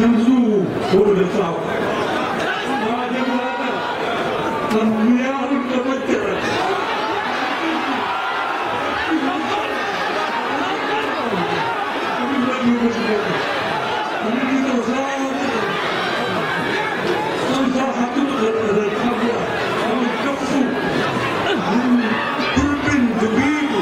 점수 오르겠다. 마지막으로 전무야를 떠받들어. 우리도 사랑하고 선사 학교도 그렇게 하고 아무 격수 불빈 두비고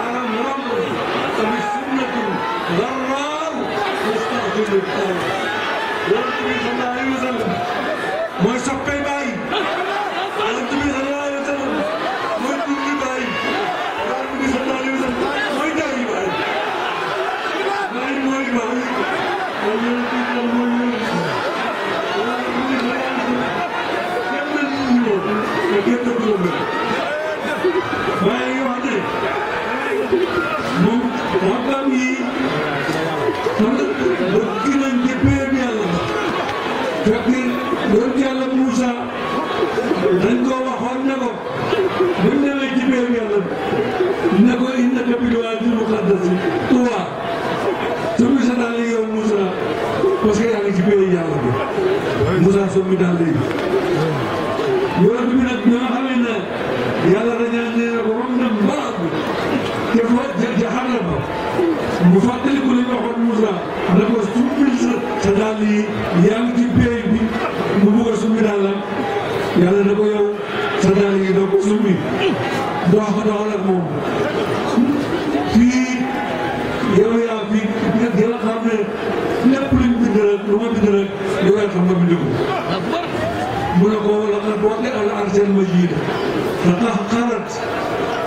아무라고 우리 숨나고 날라고 그리스도 그리스도 loolu mooy soppeeku mi daal léegi yonent bi nag ñoo xamee ne yàlla dañaa nee na ko ba mu dem barab bi te fa jahannama mu fàttaliku li ñu waxoon Moussa na ko sumbil sa sa daal yi yaa ngi ci béy bi mu bugg a sumbi daalam yàlla na ko yow sa daal yi doo ko sumbi dox ko doxal ak moom fii yow بواقع العرش المجيد تطهقرت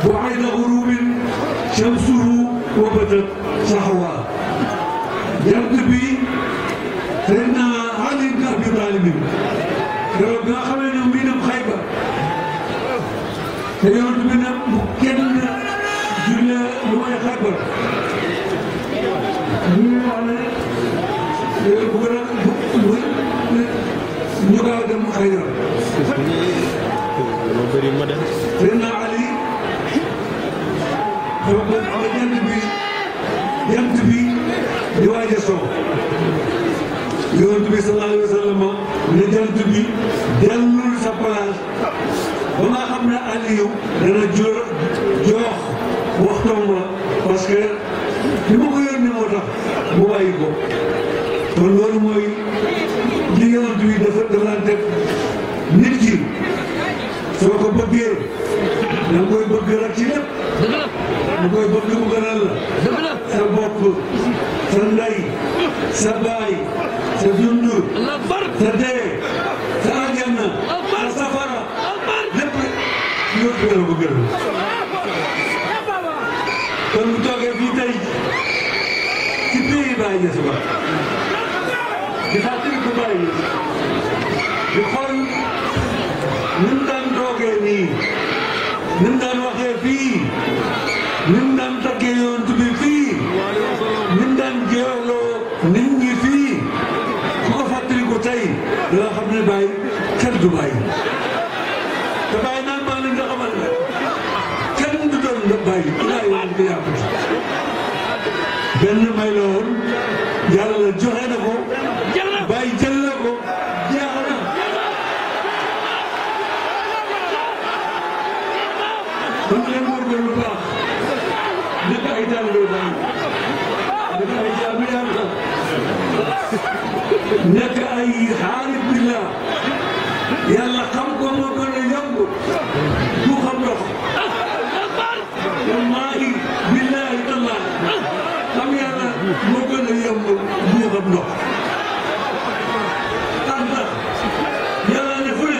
بعين غروب شمسه وبدت صحواء يرتبي سيدنا علي بن ابي طالب keroog bi nga xamee ne mbiram xayba te yonent bi nag bu kenn julle lu may xayba ñu wax ne bu gën a ñu gaaw dem xayra yonent bi sallallahu alayhi wa sallam ne jant sa place ba nga xam ne Aliou dana jo joox waxtoom mu bàyyi sa ndey sa baay sa dundu sa dee sa aljanna sa safara lépp ñoo gërëm ko gërëm kon bu toogee fii tey ci pays Baye Niass ba di xaar ko Baye Niass tudd Baye te Baye naan maa leen nga xamal ne kenn du doon nga Baye alaay waan nga yàqu benn may la woon yàlla la joxe na ko Baye jël na ko jeex na kon leen góorgóorlu bu baax nekk ay taalibe Baye nekk ay jaamu yàlla nekk ay xaalis billah yàlla xam ko moo gën a yomb du ko ndox wallaahi billaahi tallaahi xam yàlla moo gën a yomb du ko ndox tanta yàlla ne fu ne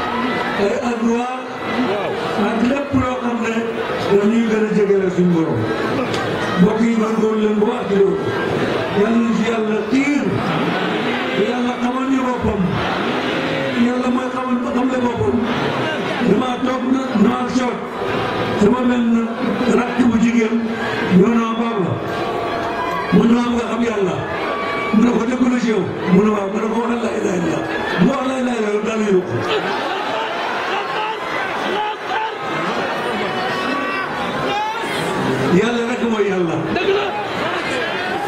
boppam damaa toog na damaa soog sama benn rakk bu jigéen ñëw na ma baab la mu ne ma nga xam yàlla mu ne ko dëgg la ci yow mu ne waaw mu ne ko wax laa ilaaha illallaah bu wax laa ilaaha illallaah daal di yóbbu yàlla rek mooy yàlla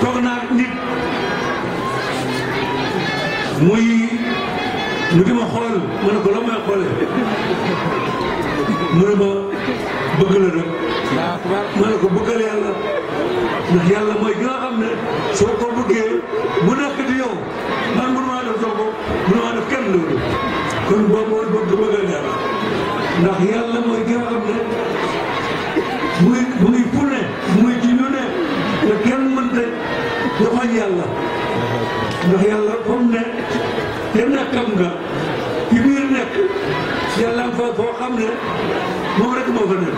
toog naa nit muy mu ngi ma xool ma ne ko la may xoolee mu ne ma bëgg la rek ma ne ko bëggal yàlla ndax yàlla mooy ki nga xam ne soo ko bëggee mu nekk di yow man mënu maa def soo ko mënu maa def kenn loolu kon boobu woon bëgg bëggal yàlla ndax yàlla mooy ki nga xam ne muy muy fu ne muy ci ñu ne te kenn mënta joxoñ yàlla ndax yàlla comme ne dem na xam nga yu biir nekk yàlla fa foo xam ne moom rek moo fa nekk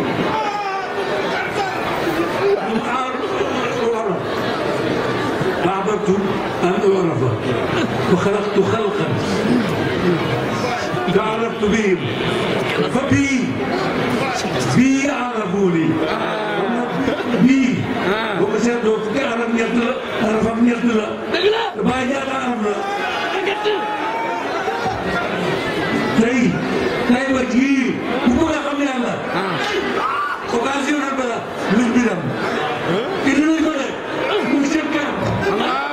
mu aar wolof baabatu an wolofa wa xalaqtu xalqan taaraftu bihim fa bii bii aarafuuni bii boo ko seetloo fukki arab ñett la arafam ñett la Baba, Lubiram. Ini mereka, musik kan. Ah.